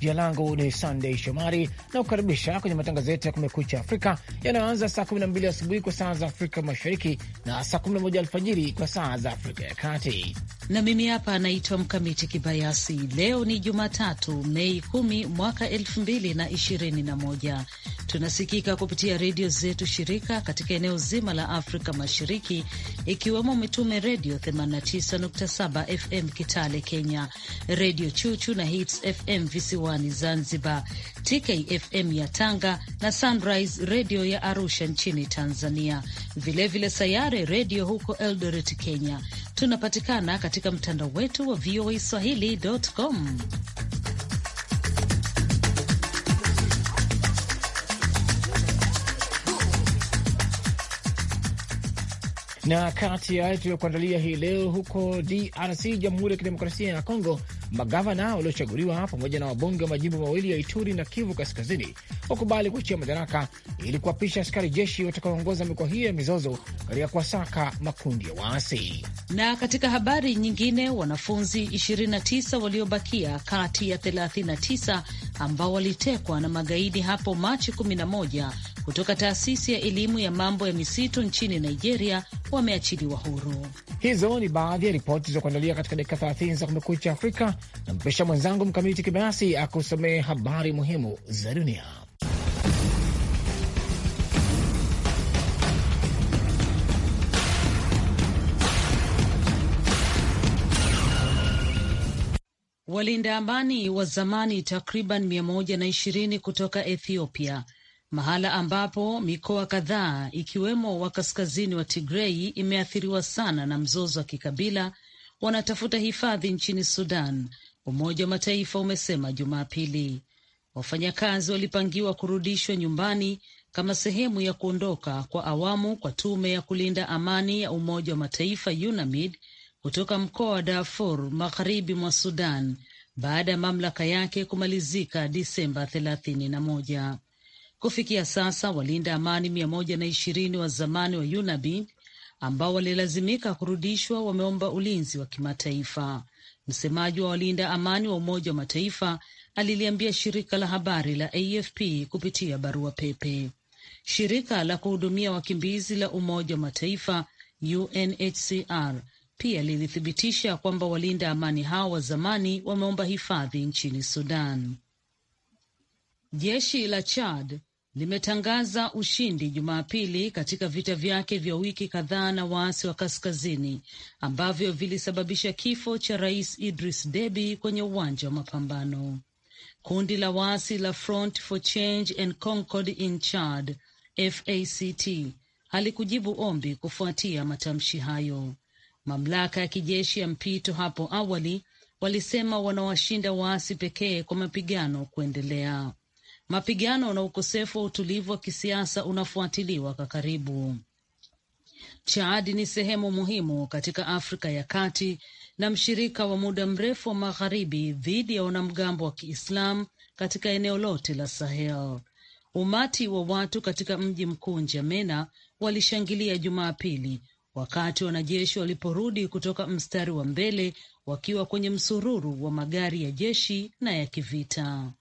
Jina langu ni Sandey Shomari na kukaribisha kwenye matangazo yetu ya Kumekucha Afrika yanayoanza saa 12 asubuhi kwa saa za Afrika Mashariki na saa 11 alfajiri kwa saa za Afrika ya Kati na mimi hapa anaitwa Mkamiti Kibayasi. Leo ni Jumatatu, Mei 1 mwaka 221 Tunasikika kupitia redio zetu shirika katika eneo zima la Afrika Mashariki, ikiwemo Mitume Redio 89.7 FM Kitale Kenya, Redio Chuchu na Hits FM visiwani Zanzibar, TKFM ya Tanga na Sunrise Redio ya Arusha nchini Tanzania, vilevile vile Sayare Redio huko Eldoret Kenya, Tunapatikana katika mtandao wetu wa VOA Swahili.com. na kati ya hayo tuliyokuandalia hii leo, huko DRC, Jamhuri ya Kidemokrasia ya Kongo, Magavana waliochaguliwa pamoja na wabunge wa majimbo mawili ya Ituri na Kivu Kaskazini wakubali kuachia madaraka ili kuapisha askari jeshi watakaoongoza mikoa hiyo ya mizozo katika kuwasaka makundi ya waasi. Na katika habari nyingine, wanafunzi 29 waliobakia kati ya 39 ambao walitekwa na magaidi hapo Machi 11 kutoka taasisi ya elimu ya mambo ya misitu nchini Nigeria wameachiliwa huru. Hizo ni baadhi ya ripoti za kuandalia katika dakika 30 za Kumekucha Afrika, na mpesha mwenzangu Mkamiti Kibayasi akusomee habari muhimu za dunia. Walinda amani wa zamani takriban 120 kutoka Ethiopia mahala ambapo mikoa kadhaa ikiwemo wa kaskazini wa Tigrei imeathiriwa sana na mzozo wa kikabila wanatafuta hifadhi nchini Sudan, Umoja wa Mataifa umesema Jumapili. Wafanyakazi walipangiwa kurudishwa nyumbani kama sehemu ya kuondoka kwa awamu kwa tume ya kulinda amani ya Umoja wa Mataifa UNAMID kutoka mkoa wa Darfur magharibi mwa Sudan baada ya mamlaka yake kumalizika Disemba 31. Kufikia sasa walinda amani mia moja na ishirini wa zamani wa unabi ambao walilazimika kurudishwa wameomba ulinzi wa kimataifa. Msemaji wa walinda amani wa Umoja wa Mataifa aliliambia shirika la habari la AFP kupitia barua pepe. Shirika la kuhudumia wakimbizi la Umoja wa Mataifa UNHCR pia lilithibitisha kwamba walinda amani hao wa zamani wameomba hifadhi nchini Sudan. Jeshi la Chad limetangaza ushindi Jumapili katika vita vyake vya wiki kadhaa na waasi wa kaskazini ambavyo vilisababisha kifo cha Rais Idris Deby kwenye uwanja wa mapambano. Kundi la waasi la Front for Change and Concord in Chad, FACT, halikujibu ombi kufuatia matamshi hayo. Mamlaka ya kijeshi ya mpito hapo awali walisema wanawashinda waasi pekee kwa mapigano kuendelea. Mapigano na ukosefu wa utulivu wa kisiasa unafuatiliwa kwa karibu. Chad ni sehemu muhimu katika Afrika ya Kati na mshirika wa muda mrefu wa Magharibi dhidi ya wanamgambo wa Kiislamu katika eneo lote la Sahel. Umati wa watu katika mji mkuu Njamena walishangilia Jumapili wakati wanajeshi waliporudi kutoka mstari wa mbele wakiwa kwenye msururu wa magari ya jeshi na ya kivita.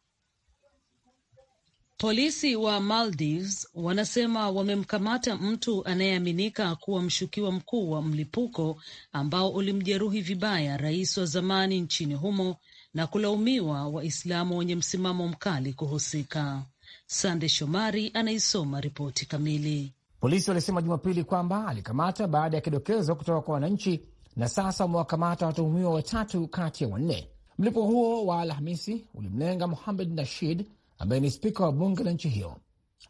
Polisi wa Maldives wanasema wamemkamata mtu anayeaminika kuwa mshukiwa mkuu wa mlipuko ambao ulimjeruhi vibaya rais wa zamani nchini humo na kulaumiwa Waislamu wenye msimamo mkali kuhusika. Sande Shomari anaisoma ripoti kamili. Polisi walisema Jumapili kwamba alikamata baada ya kidokezo kutoka kwa wananchi, na sasa wamewakamata watuhumiwa watatu kati ya wanne. Mlipo huo wa Alhamisi ulimlenga Muhamed Nashid ambaye ni spika wa bunge la nchi hiyo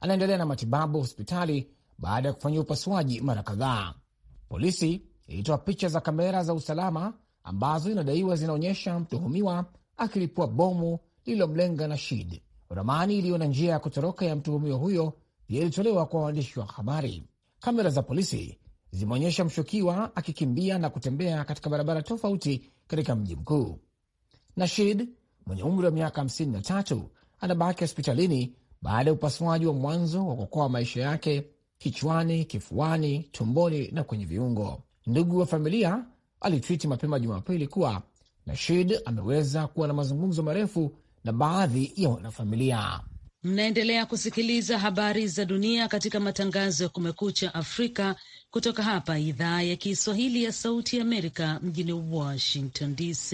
anaendelea na matibabu hospitali baada ya kufanyia upasuaji mara kadhaa. Polisi ilitoa picha za kamera za usalama ambazo inadaiwa zinaonyesha mtuhumiwa akilipua bomu lililomlenga Nashid. Ramani iliyo na njia ya kutoroka ya mtuhumiwa huyo pia ilitolewa kwa waandishi wa habari. Kamera za polisi zimeonyesha mshukiwa akikimbia na kutembea katika barabara tofauti katika mji mkuu. Nashid mwenye umri wa miaka anabaki hospitalini baada ya upasuaji wa mwanzo wa kuokoa maisha yake kichwani, kifuani, tumboni na kwenye viungo. Ndugu wa familia alitwiti mapema Jumapili kuwa Nashid ameweza kuwa na mazungumzo marefu na baadhi ya wanafamilia. Mnaendelea kusikiliza habari za dunia katika matangazo ya Kumekucha Afrika kutoka hapa idhaa ya Kiswahili ya Sauti ya Amerika mjini Washington DC.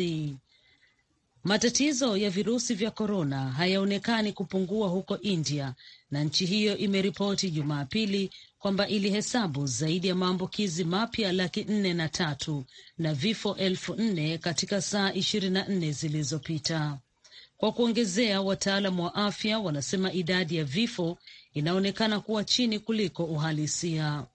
Matatizo ya virusi vya korona hayaonekani kupungua huko India, na nchi hiyo imeripoti Jumapili kwamba ilihesabu zaidi ya maambukizi mapya laki nne na tatu na vifo elfu nne katika saa ishirini na nne zilizopita. Kwa kuongezea, wataalam wa afya wanasema idadi ya vifo inaonekana kuwa chini kuliko uhalisia.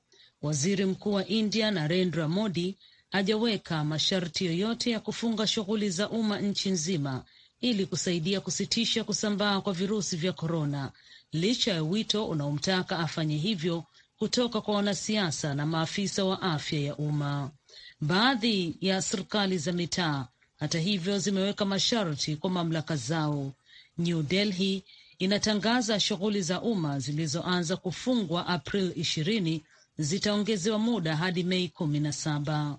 Waziri Mkuu wa India Narendra Modi hajaweka masharti yoyote ya kufunga shughuli za umma nchi nzima ili kusaidia kusitisha kusambaa kwa virusi vya korona, licha ya wito unaomtaka afanye hivyo kutoka kwa wanasiasa na maafisa wa afya ya umma. Baadhi ya serikali za mitaa, hata hivyo, zimeweka masharti kwa mamlaka zao. New Delhi inatangaza shughuli za umma zilizoanza kufungwa April ishirini zitaongezewa muda hadi Mei kumi na saba.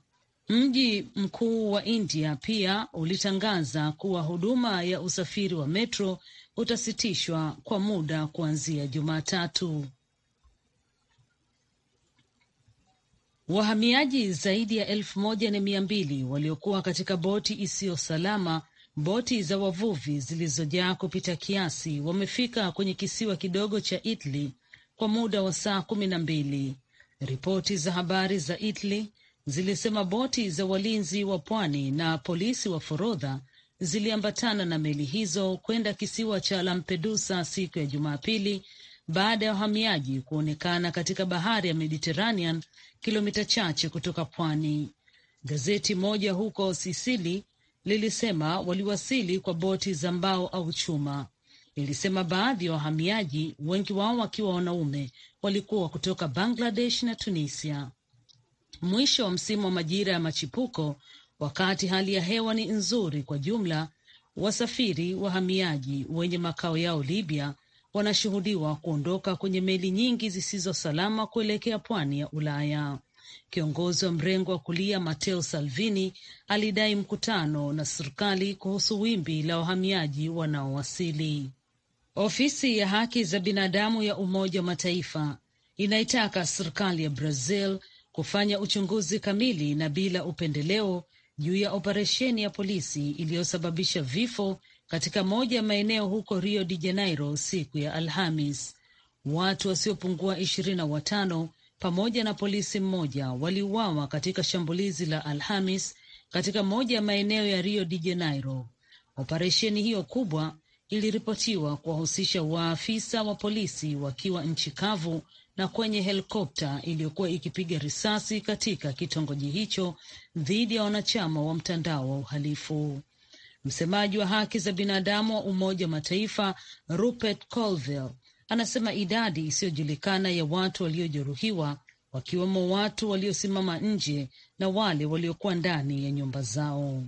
Mji mkuu wa India pia ulitangaza kuwa huduma ya usafiri wa metro utasitishwa kwa muda kuanzia Jumatatu. Wahamiaji zaidi ya elfu moja na mia mbili waliokuwa katika boti isiyo salama, boti za wavuvi zilizojaa kupita kiasi, wamefika kwenye kisiwa kidogo cha Italy kwa muda wa saa kumi na mbili. Ripoti za habari za Italy zilisema boti za walinzi wa pwani na polisi wa forodha ziliambatana na meli hizo kwenda kisiwa cha Lampedusa siku ya Jumapili baada ya wahamiaji kuonekana katika bahari ya Mediterranean, kilomita chache kutoka pwani. Gazeti moja huko Sisili lilisema waliwasili kwa boti za mbao au chuma. Ilisema baadhi ya wahamiaji, wengi wao wakiwa wanaume, walikuwa kutoka Bangladesh na Tunisia mwisho wa msimu wa majira ya machipuko, wakati hali ya hewa ni nzuri kwa jumla. Wasafiri wahamiaji wenye makao yao Libya wanashuhudiwa kuondoka kwenye meli nyingi zisizo salama kuelekea pwani ya Ulaya. Kiongozi wa mrengo wa kulia Matteo Salvini alidai mkutano na serikali kuhusu wimbi la wahamiaji wanaowasili. Ofisi ya haki za binadamu ya Umoja wa Mataifa inaitaka serikali ya Brazil kufanya uchunguzi kamili na bila upendeleo juu ya operesheni ya polisi iliyosababisha vifo katika moja ya maeneo huko Rio de Janeiro siku ya Alhamis. Watu wasiopungua ishirini na watano pamoja na polisi mmoja waliuawa katika shambulizi la Alhamis katika moja ya maeneo ya Rio de Janeiro. Operesheni hiyo kubwa iliripotiwa kuwahusisha waafisa wa polisi wakiwa nchi kavu na kwenye helikopta iliyokuwa ikipiga risasi katika kitongoji hicho dhidi ya wanachama wa mtandao wa uhalifu. Msemaji wa haki za binadamu wa Umoja wa Mataifa Rupert Colville anasema idadi isiyojulikana ya watu waliojeruhiwa wakiwemo watu waliosimama nje na wale waliokuwa ndani ya nyumba zao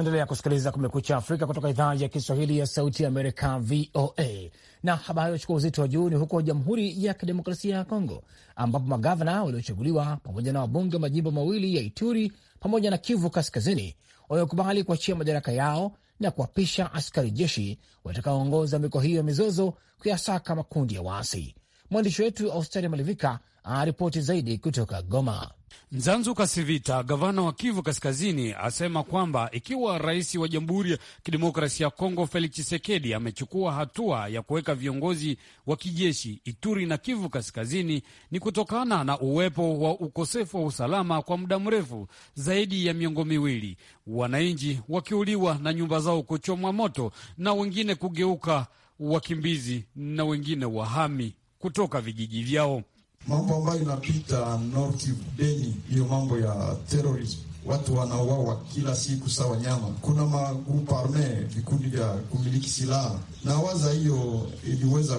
Naendelea kusikiliza Kumekucha Afrika kutoka idhaa ya Kiswahili ya Sauti ya Amerika, VOA. Na habari wachukua uzito wa juu ni huko Jamhuri ya Kidemokrasia ya Kongo, ambapo magavana waliochaguliwa pamoja na wabunge wa majimbo mawili ya Ituri pamoja na Kivu Kaskazini wamekubali kuachia madaraka yao na kuapisha askari jeshi watakaoongoza mikoa hiyo ya mizozo kuyasaka makundi ya waasi. Mwandishi wetu austaria Malivika aripoti zaidi kutoka Goma. Nzanzu Kasivita, gavana wa Kivu Kaskazini, asema kwamba ikiwa rais wa Jamhuri ya Kidemokrasia ya Kongo Felix Tshisekedi amechukua hatua ya kuweka viongozi wa kijeshi Ituri na Kivu Kaskazini ni kutokana na uwepo wa ukosefu wa usalama kwa muda mrefu zaidi ya miongo miwili, wananchi wakiuliwa na nyumba zao kuchomwa moto na wengine kugeuka wakimbizi na wengine wahami kutoka vijiji vyao mambo ambayo inapita North Beni, hiyo mambo ya terrorism watu wanauawa kila siku sawa nyama. Kuna magrupu arme vikundi vya kumiliki silaha, na waza hiyo iliweza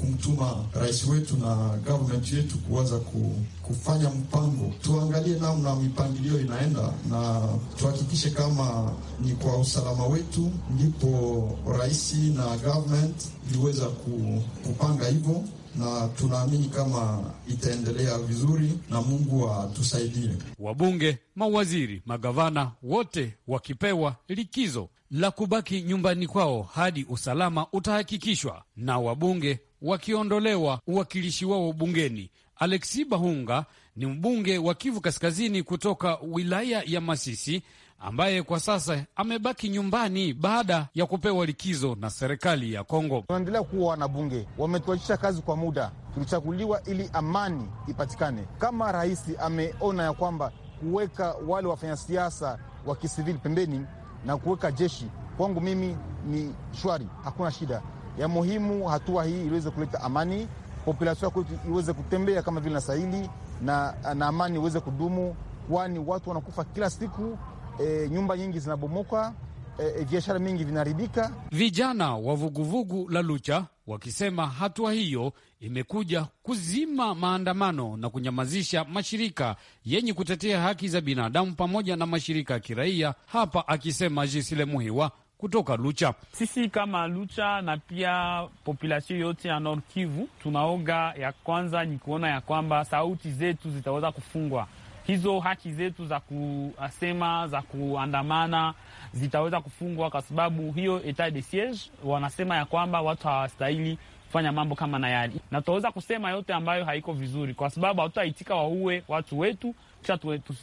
kumtuma rais wetu na government yetu kuwaza kufanya mpango, tuangalie namna mipangilio inaenda na tuhakikishe kama ni kwa usalama wetu, ndipo rais na government iliweza kupanga hivyo na tunaamini kama itaendelea vizuri na Mungu atusaidie. wabunge, mawaziri, magavana wote wakipewa likizo la kubaki nyumbani kwao hadi usalama utahakikishwa na wabunge wakiondolewa uwakilishi wao bungeni. Alexi Bahunga ni mbunge wa Kivu Kaskazini kutoka wilaya ya Masisi ambaye kwa sasa amebaki nyumbani baada ya kupewa likizo na serikali ya Kongo. Tunaendelea kuwa wanabunge, wametuachisha kazi kwa muda, tulichaguliwa ili amani ipatikane. Kama rais ameona ya kwamba kuweka wale wafanyasiasa wa kisivili pembeni na kuweka jeshi, kwangu mimi ni shwari, hakuna shida. Ya muhimu hatua hii iliweze kuleta amani, populasio kwetu iweze kutembea kama vile sahili na, na amani iweze kudumu, kwani watu wanakufa kila siku e, nyumba nyingi zinabomoka, e, e, biashara mingi vinaharibika. Vijana wa vuguvugu la Lucha wakisema hatua hiyo imekuja kuzima maandamano na kunyamazisha mashirika yenye kutetea haki za binadamu pamoja na mashirika ya kiraia hapa, akisema Jisile Muhiwa kutoka Lucha. Sisi kama Lucha na pia populasio yote ya Nord Kivu tunaoga, ya kwanza ni kuona ya kwamba sauti zetu zitaweza kufungwa hizo haki zetu za kusema za kuandamana zitaweza kufungwa, kwa sababu hiyo etat de siege wanasema ya kwamba watu hawastahili kufanya mambo kama na yali, na tutaweza kusema yote ambayo haiko vizuri, kwa sababu hatutaitika wauwe watu wetu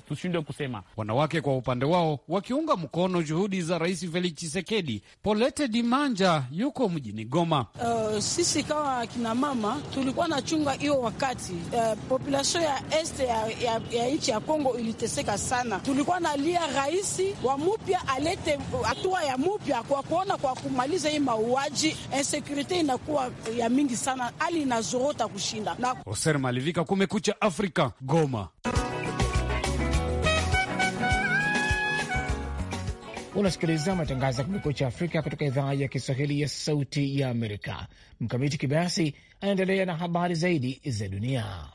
tushindwe kusema. Wanawake kwa upande wao wakiunga mkono juhudi za Rais Felix chisekedi Polete Dimanja yuko mjini Goma. Uh, sisi kama kina mama tulikuwa chunga hiyo wakati uh, population ya este ya, ya, ya nchi ya Kongo iliteseka sana, tulikuwa nalia rais wa mupya alete hatua ya mupya kwa kuona kwa kumaliza hii mauaji. Insekurite inakuwa ya mingi sana, hali inazorota kushinda na Oser Malivika, Kumekucha Afrika, Goma. Unasikiliza matangazo ya Kumekucha Afrika kutoka idhaa ya Kiswahili ya Sauti ya Amerika. Mkamiti Kibayasi anaendelea na habari zaidi za dunia.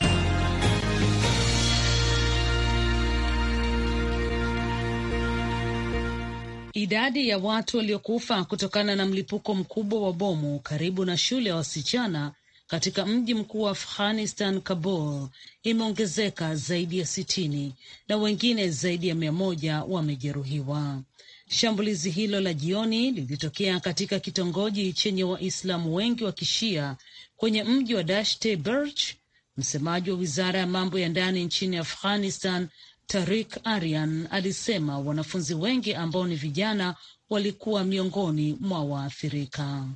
Idadi ya watu waliokufa kutokana na mlipuko mkubwa wa bomu karibu na shule ya wasichana katika mji mkuu wa Afghanistan, Kabul, imeongezeka zaidi ya sitini na wengine zaidi ya mia moja wamejeruhiwa. Shambulizi hilo la jioni lilitokea katika kitongoji chenye Waislamu wengi wa kishia kwenye mji wa Dashte Berch. Msemaji wa wizara ya mambo ya ndani nchini Afghanistan, Tarik Arian, alisema wanafunzi wengi ambao ni vijana walikuwa miongoni mwa waathirika.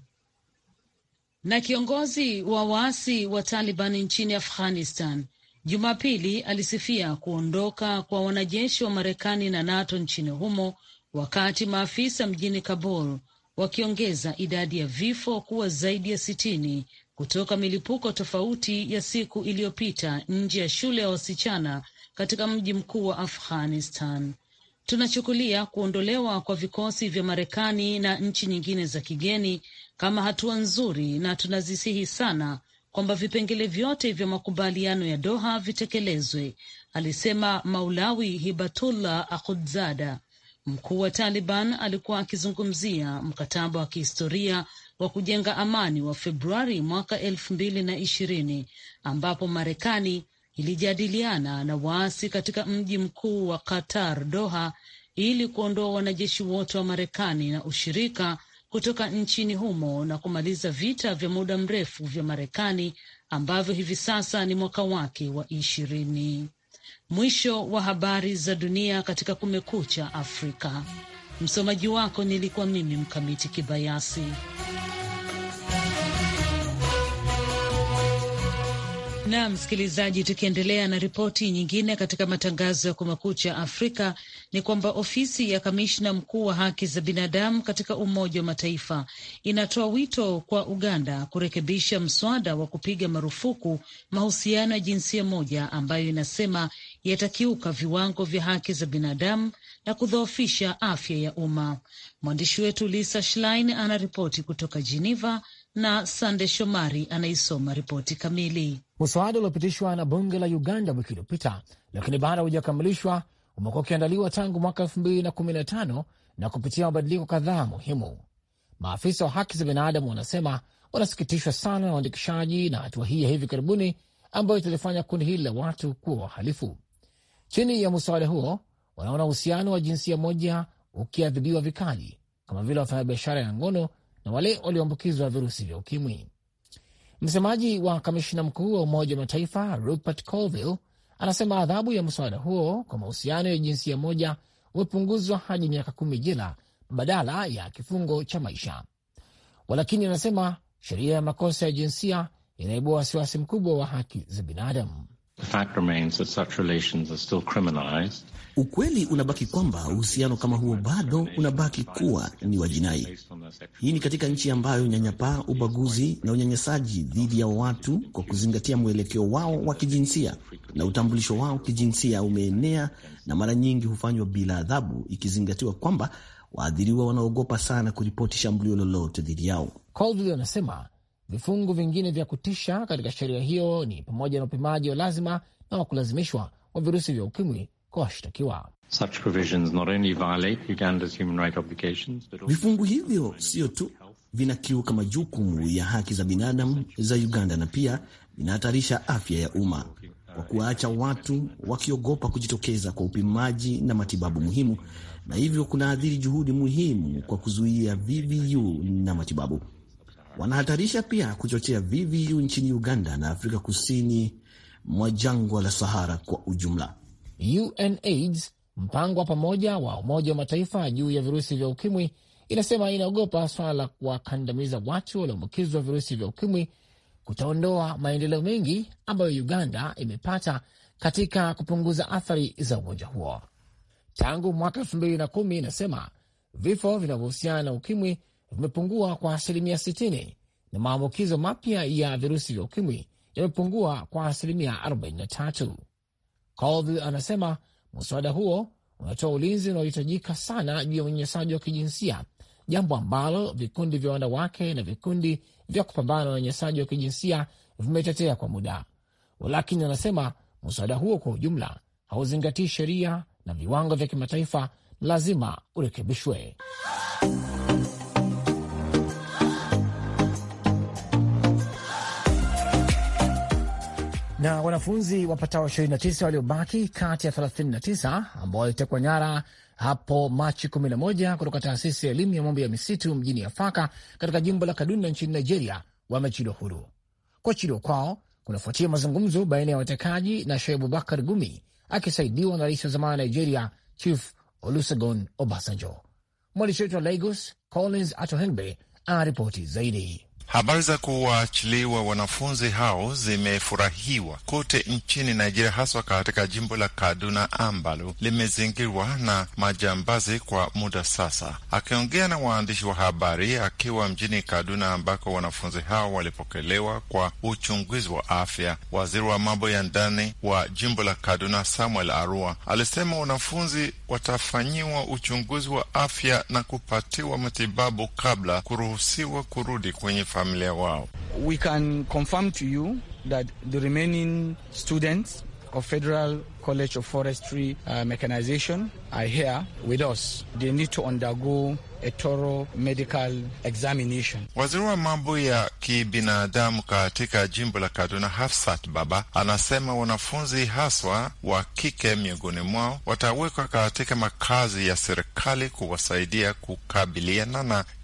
Na kiongozi wa waasi wa Taliban nchini Afghanistan Jumapili alisifia kuondoka kwa wanajeshi wa Marekani na NATO nchini humo wakati maafisa mjini Kabul wakiongeza idadi ya vifo kuwa zaidi ya sitini kutoka milipuko tofauti ya siku iliyopita nje ya shule ya wasichana katika mji mkuu wa Afghanistan. Tunachukulia kuondolewa kwa vikosi vya Marekani na nchi nyingine za kigeni kama hatua nzuri, na tunazisihi sana kwamba vipengele vyote vya makubaliano ya Doha vitekelezwe, alisema Maulawi Hibatullah Akhudzada, Mkuu wa Taliban alikuwa akizungumzia mkataba wa kihistoria wa kujenga amani wa Februari mwaka elfu mbili na ishirini ambapo Marekani ilijadiliana na waasi katika mji mkuu wa Qatar, Doha, ili kuondoa wanajeshi wote wa Marekani na ushirika kutoka nchini humo na kumaliza vita vya muda mrefu vya Marekani ambavyo hivi sasa ni mwaka wake wa ishirini. Mwisho wa habari za dunia katika Kumekucha Afrika. Msomaji wako nilikuwa mimi Mkamiti Kibayasi. Na msikilizaji, tukiendelea na ripoti nyingine katika matangazo ya kumekucha Afrika ni kwamba ofisi ya kamishna mkuu wa haki za binadamu katika Umoja wa Mataifa inatoa wito kwa Uganda kurekebisha mswada wa kupiga marufuku mahusiano ya jinsia moja ambayo inasema yatakiuka viwango vya haki za binadamu na kudhoofisha afya ya umma. Mwandishi wetu Lisa Schlein anaripoti kutoka Geneva na Sande Shomari anaisoma ripoti kamili. Muswada uliopitishwa na bunge la Uganda wiki iliyopita, lakini bado haujakamilishwa, umekuwa ukiandaliwa tangu mwaka elfu mbili na kumi na tano na kupitia mabadiliko kadhaa muhimu. Maafisa wa haki za binadamu wanasema wanasikitishwa sana na uandikishaji na hatua hii ya hivi karibuni ambayo italifanya kundi hili la watu kuwa wahalifu. Chini ya mswada huo, wanaona uhusiano wa jinsia moja ukiadhibiwa vikali kama vile wafanyabiashara ya ngono na wale walioambukizwa virusi vya ukimwi. Msemaji wa kamishna mkuu wa Umoja wa Mataifa Rupert Colville anasema adhabu ya mswada huo kwa mahusiano ya jinsia moja umepunguzwa hadi miaka kumi jela badala ya kifungo cha maisha. Walakini anasema sheria ya makosa ya jinsia inaibua wasiwasi mkubwa wa haki za binadamu. The fact remains that such relations are still criminalized. Ukweli unabaki kwamba uhusiano kama huo bado unabaki kuwa ni wa jinai. Hii ni katika nchi ambayo unyanyapaa, ubaguzi na unyanyasaji dhidi ya watu kwa kuzingatia mwelekeo wao wa kijinsia na utambulisho wao kijinsia umeenea na mara nyingi hufanywa bila adhabu, ikizingatiwa kwamba waathiriwa wanaogopa sana kuripoti shambulio lolote dhidi yao. Colville anasema Vifungu vingine vya kutisha katika sheria hiyo ni pamoja na upimaji wa lazima na wa kulazimishwa wa virusi vya ukimwi kwa washtakiwa. Vifungu hivyo sio tu vinakiuka majukumu ya haki za binadamu za Uganda na pia vinahatarisha afya ya umma kwa kuwaacha watu wakiogopa kujitokeza kwa upimaji na matibabu muhimu, na hivyo kunaathiri juhudi muhimu kwa kuzuia VVU na matibabu wanahatarisha pia kuchochea VVU nchini Uganda na Afrika kusini mwa jangwa la Sahara kwa ujumla. UNAIDS, mpango wa pamoja wa Umoja wa Mataifa juu ya virusi vya ukimwi, inasema inaogopa swala la kuwakandamiza watu walioambukizwa virusi vya ukimwi kutaondoa maendeleo mengi ambayo Uganda imepata katika kupunguza athari za ugonjwa huo tangu mwaka elfu mbili na kumi. Inasema vifo vinavyohusiana na ukimwi vimepungua kwa asilimia 60 na maambukizo mapya ya virusi vya ukimwi yamepungua kwa asilimia 43. Colville anasema mswada huo unatoa ulinzi unaohitajika sana juu ya unyanyasaji wa kijinsia, jambo ambalo vikundi vya wanawake na vikundi vya kupambana na unyanyasaji wa kijinsia vimetetea kwa muda. Lakini anasema mswada huo kwa ujumla hauzingatii sheria na viwango vya kimataifa, lazima urekebishwe. Na wanafunzi wapatao 29 waliobaki kati ya 39 ambao walitekwa nyara hapo Machi 11 kutoka taasisi ya elimu ya mambo ya misitu mjini Afaka katika jimbo la Kaduna nchini Nigeria wamechiliwa huru. Kuachiliwa kwao kunafuatia mazungumzo baina ya watekaji na Sheikh Abubakar Gumi akisaidiwa na rais wa zamani wa Nigeria Chief Olusegun Obasanjo. Mwandishi wetu wa Lagos Collins Atohenbe anaripoti zaidi. Habari za kuwaachiliwa wanafunzi hao zimefurahiwa kote nchini Nigeria, haswa katika jimbo la Kaduna ambalo limezingirwa na majambazi kwa muda sasa. Akiongea na waandishi wa habari akiwa mjini Kaduna ambako wanafunzi hao walipokelewa kwa uchunguzi wa afya, waziri wa mambo ya ndani wa jimbo la Kaduna Samuel Arua alisema wanafunzi watafanyiwa uchunguzi wa afya na kupatiwa matibabu kabla kuruhusiwa kurudi kwenye familia wao. We can confirm to you that the remaining students of Federal College of Forestry uh, Mechanization are here with us. They need to undergo a thorough medical examination. Waziri wa mambo ya kibinadamu katika jimbo la Kaduna, Hafsat Baba, anasema wanafunzi haswa wa kike miongoni mwao watawekwa katika makazi ya serikali kuwasaidia kukabiliana na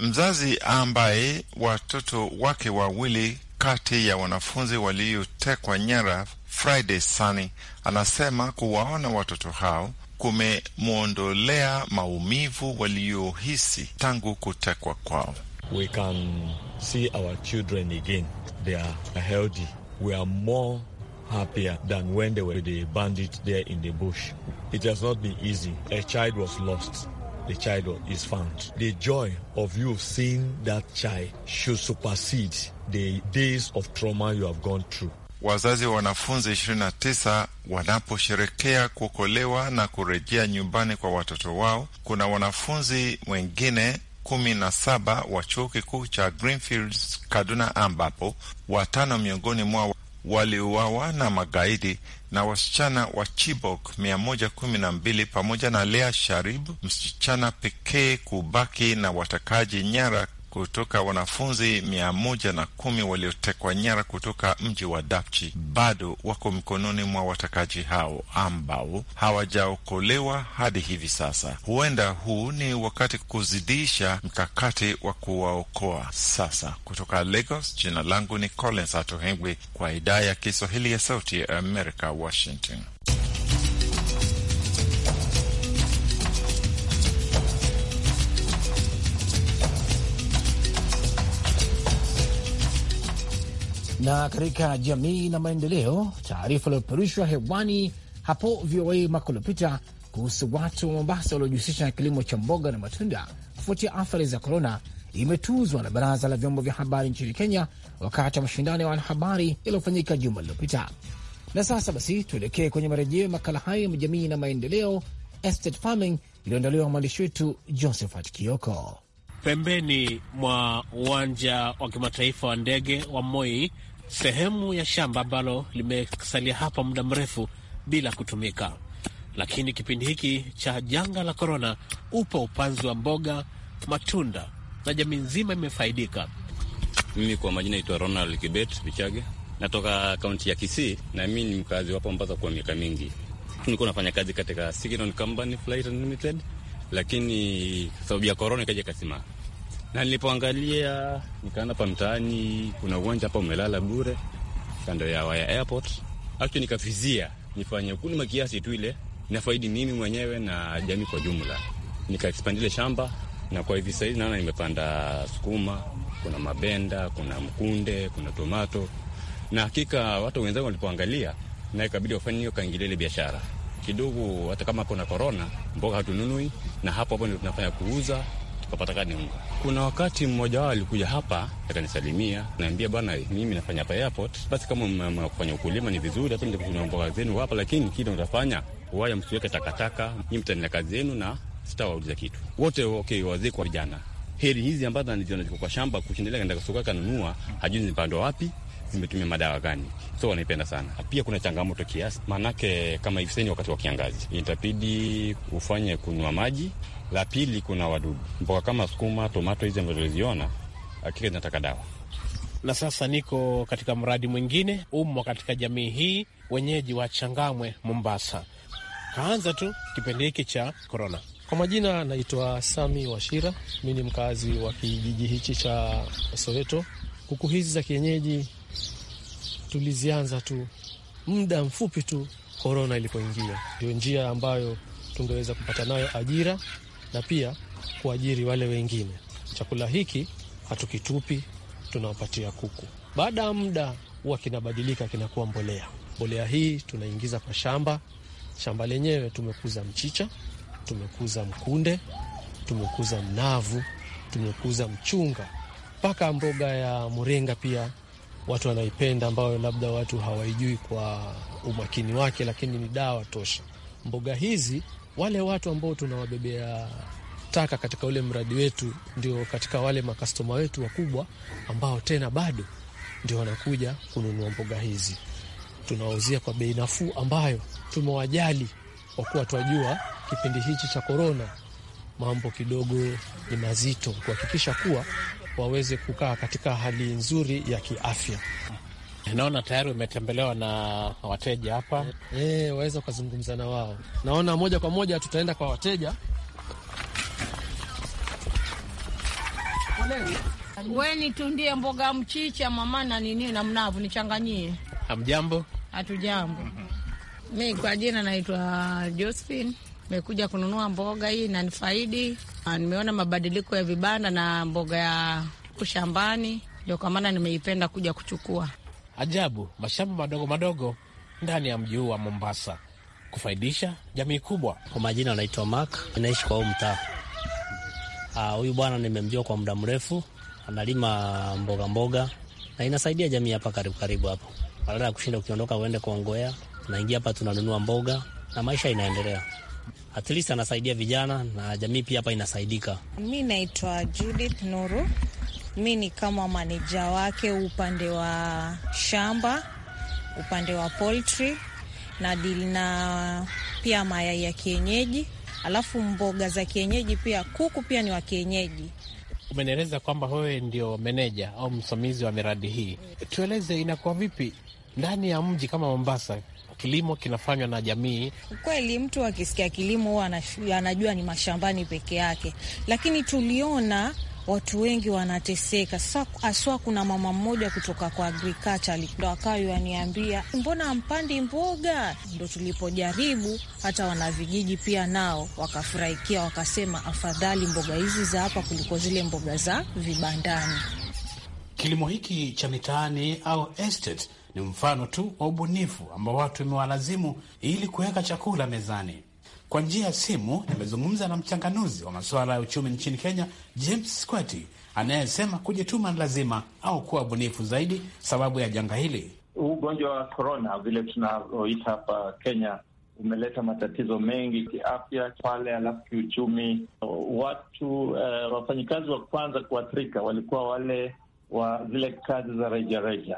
mzazi ambaye watoto wake wawili kati ya wanafunzi waliotekwa nyara Friday Sani anasema kuwaona watoto hao kumemwondolea maumivu waliohisi tangu kutekwa kwao. We can see our children again. They are healthy. We are more happier than when they were the there in the bush. It has not been easy. A child was lost the child is found. The joy of you seeing that child should supersede the days of trauma you have gone through. Wazazi wa wanafunzi 29 wanaposherekea kuokolewa na kurejea nyumbani kwa watoto wao, kuna wanafunzi wengine kumi na saba wa chuo kikuu cha Greenfields Kaduna, ambapo watano miongoni mwao waliuawa na magaidi na wasichana wa Chibok mia moja kumi na mbili pamoja na Lea Sharibu, msichana pekee kubaki na watakaji nyara kutoka wanafunzi mia moja na kumi waliotekwa nyara kutoka mji wa Dapchi bado wako mikononi mwa watakaji hao ambao hawajaokolewa hadi hivi sasa. Huenda huu ni wakati kuzidisha mkakati wa kuwaokoa sasa. Kutoka Lagos, jina langu ni Collins Atohengwi kwa idhaa ya Kiswahili ya Sauti ya Amerika, Washington. Na katika jamii na maendeleo, taarifa iliyopeperushwa hewani hapo VOA mwaka uliopita kuhusu watu wa Mombasa waliojihusisha na kilimo cha mboga na matunda kufuatia athari za korona imetuzwa na baraza la vyombo vya habari nchini Kenya wakati wa mashindano ya wanahabari yaliyofanyika juma lililopita. Na sasa basi, tuelekee kwenye marejeo ya makala hayo ya jamii na maendeleo, estate farming, iliyoandaliwa mwandishi wetu Josephat Kioko. Pembeni mwa uwanja wa kimataifa wa ndege wa Moi sehemu ya shamba ambalo limesalia hapa muda mrefu bila kutumika. Lakini kipindi hiki cha janga la korona, upo upanzi wa mboga, matunda na jamii nzima imefaidika. Mimi kwa majina naitwa Ronald Kibet Bichage, natoka kaunti ya Kisii na mi ni mkazi wapo Mombasa kwa miaka mingi. Nilikuwa nafanya kazi katika Signal Company Flight lakini sababu ya korona ikaja ikasimama na nilipoangalia nikaenda pa mtaani, kuna uwanja hapa umelala bure kando ya Waya Airport. Actually nikafizia nifanye ukulima kiasi tu, ile nafaidi mimi mwenyewe na jamii kwa jumla. Nikaexpandile shamba na kwa hivi sahizi naona nimepanda sukuma, kuna mabenda, kuna mkunde, kuna tomato, na hakika watu wenzangu walipoangalia, na ikabidi wafanye hiyo kaingilile biashara kidogo. Hata kama kuna korona, mboga hatununui, na hapo hapo ndio tunafanya kuuza tukapatakani unga. Kuna wakati mmoja wao alikuja hapa akanisalimia, naambia bwana, mimi nafanya hapa airport, basi kama kufanya ukulima ni vizuri, hata nitakutumia mboga zenu hapa, lakini kile unafanya waya, msiweke takataka, nyi mtaendelea kazi zenu na sitawauliza kitu wote. Okay, wazee kwa vijana, heri hizi ambazo anaziona kwa shamba, kushindelea kaenda sokoni kanunua, hajui zimepandwa wapi zimetumia madawa gani. So wanaipenda sana. Pia kuna changamoto kiasi, maanake kama hivi sasa wakati wa kiangazi itabidi ufanye kunywa maji. La pili, kuna wadudu. Mboga kama sukuma, tomato hizi ambazo uliziona hakika ah, zinataka dawa. Na sasa niko katika mradi mwingine umo katika jamii hii, wenyeji wa Changamwe, Mombasa. Kaanza tu kipindi hiki cha korona. Kwa majina naitwa Sami Washira, mi ni mkazi wa kijiji hichi cha Soweto. Kuku hizi za kienyeji tulizianza tu muda mfupi tu korona ilipoingia, ndio njia ambayo tungeweza kupata nayo ajira na pia kuajiri wale wengine. Chakula hiki hatukitupi, tunawapatia kuku. Baada ya muda huwa kinabadilika, kinakuwa mbolea. Mbolea hii tunaingiza kwa shamba. Shamba lenyewe tumekuza mchicha, tumekuza mkunde, tumekuza mnavu, tumekuza mchunga, mpaka mboga ya mrenga pia watu wanaipenda, ambayo labda watu hawaijui kwa umakini wake, lakini ni dawa tosha. Mboga hizi wale watu ambao tunawabebea taka katika ule mradi wetu, ndio katika wale makastoma wetu wakubwa ambao tena bado ndio wanakuja kununua mboga hizi. Tunawauzia kwa bei nafuu ambayo tumewajali kwa kuwa twajua kipindi hichi cha korona mambo kidogo ni mazito, kuhakikisha kuwa waweze kukaa katika hali nzuri ya kiafya. Naona tayari umetembelewa na wateja hapa e, waweza ukazungumza na wao. Naona moja kwa moja tutaenda kwa wateja. Weni tundie mboga mchicha mama na nini na mnavu nichanganyie. Hamjambo? Hatujambo. Mi kwa jina naitwa Josephine Nimekuja kununua mboga hii inanifaidi. Ah, nimeona mabadiliko ya vibanda na mboga ya shambani, ndio kwa maana nimeipenda kuja kuchukua. Ajabu, mashamba madogo madogo ndani ya mji huu wa Mombasa kufaidisha jamii kubwa. Kwa majina anaitwa Mark, anaishi kwa huu mtaa. Ah, huyu bwana nimemjua kwa muda mrefu, analima mboga mboga na inasaidia jamii hapa karibu karibu hapo, badala ya kushinda ukiondoka uende kuongoea, naingia hapa tunanunua mboga na maisha inaendelea at least anasaidia vijana na jamii pia hapa inasaidika. Mi naitwa Judith Nuru, mi ni kama maneja wake upande wa shamba, upande wa poultry na dili na pia mayai ya kienyeji, alafu mboga za kienyeji pia, kuku pia ni wa kienyeji. Umenieleza kwamba wewe ndio meneja au msimamizi wa miradi hii, tueleze inakuwa vipi ndani ya mji kama Mombasa? kilimo kinafanywa na jamii. Kweli mtu akisikia kilimo huwa anajua ni mashambani peke yake, lakini tuliona watu wengi wanateseka haswa. Kuna mama mmoja kutoka kwa agriculture ndo akawa waniambia, mbona mpandi mboga? Ndo tulipojaribu hata wanavijiji pia nao wakafurahikia, wakasema afadhali mboga hizi za hapa kuliko zile mboga za vibandani. Kilimo hiki cha mitaani au estate ni mfano tu wa ubunifu ambao watu imewalazimu ili kuweka chakula mezani. Kwa njia ya simu nimezungumza na mchanganuzi wa masuala ya uchumi nchini Kenya, James Squati, anayesema kujituma ni lazima au kuwa bunifu zaidi sababu ya janga hili. ugonjwa wa korona vile tunavyoita hapa Kenya umeleta matatizo mengi kiafya pale, alafu kiuchumi. Watu uh, wafanyikazi wa kwanza kuathirika walikuwa wale wa zile kazi za rejareja.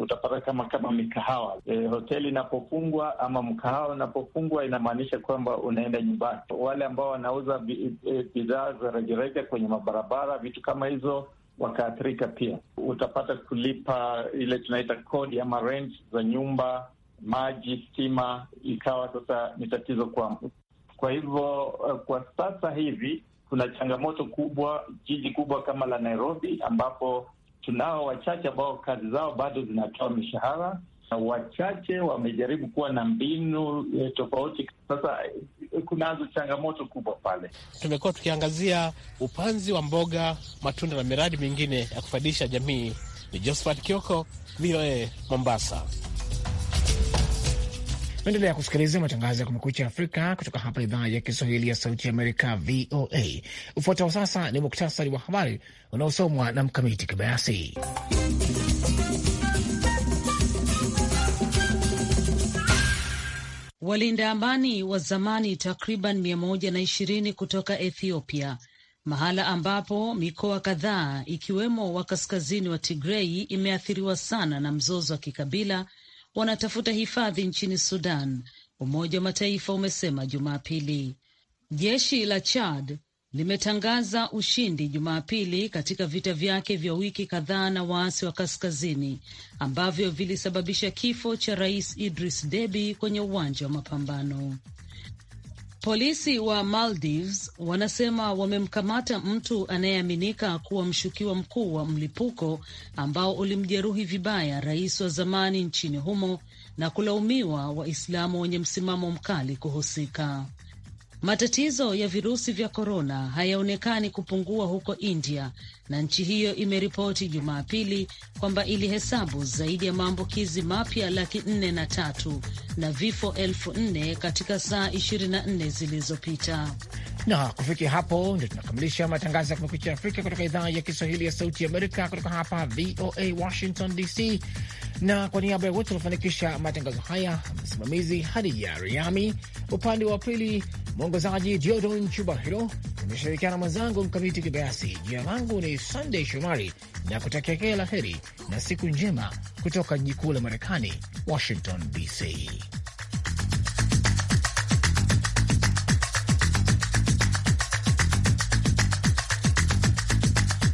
Utapata kama kama mikahawa e, hoteli inapofungwa ama mkahawa unapofungwa inamaanisha kwamba unaenda nyumbani. Wale ambao wanauza e, bidhaa za rejareja kwenye mabarabara, vitu kama hizo wakaathirika pia. Utapata kulipa ile tunaita kodi ama rent za nyumba, maji, stima, ikawa sasa ni tatizo kwangu. Kwa hivyo e, kwa sasa hivi kuna changamoto kubwa jiji kubwa kama la Nairobi, ambapo tunao wachache ambao kazi zao bado zinatoa mishahara na wachache wamejaribu kuwa na mbinu e, tofauti. Sasa e, kunazo changamoto kubwa pale. Tumekuwa tukiangazia upanzi wa mboga, matunda na miradi mingine ya kufaidisha jamii. Ni Josephat Kioko, VOA Mombasa. Naendelea kusikiliza matangazo ya Kumekucha Afrika kutoka hapa idhaa ya Kiswahili ya Sauti ya Amerika, VOA. Ufuatao sasa ni muktasari wa habari unaosomwa na Mkamiti Kibayasi. Walinda amani wa zamani takriban mia moja na ishirini kutoka Ethiopia mahala ambapo mikoa kadhaa ikiwemo wa kaskazini wa Tigrei imeathiriwa sana na mzozo wa kikabila wanatafuta hifadhi nchini Sudan, Umoja wa Mataifa umesema Jumapili. Jeshi la Chad limetangaza ushindi Jumapili katika vita vyake vya wiki kadhaa na waasi wa kaskazini ambavyo vilisababisha kifo cha rais Idris Deby kwenye uwanja wa mapambano. Polisi wa Maldives wanasema wamemkamata mtu anayeaminika kuwa mshukiwa mkuu wa mlipuko ambao ulimjeruhi vibaya rais wa zamani nchini humo na kulaumiwa Waislamu wenye msimamo mkali kuhusika. Matatizo ya virusi vya korona hayaonekani kupungua huko India, na nchi hiyo imeripoti Jumapili kwamba ilihesabu zaidi ya maambukizi mapya laki nne na tatu na vifo elfu nne katika saa 24 zilizopita. Na kufikia hapo ndio tunakamilisha matangazo ya Kumekucha Afrika kutoka idhaa ya Kiswahili ya Sauti ya Amerika, kutoka hapa VOA Washington DC. Na kwa niaba ya wote waliofanikisha matangazo haya, msimamizi hadi ya Riami, upande wa pili Mwongozaji Diodon Chubahiro, nimeshirikiana mwenzangu Mkamiti Kibayasi. Jina langu ni sandey Shomari na kutakia kila la heri na siku njema kutoka jiji kuu la Marekani, Washington DC.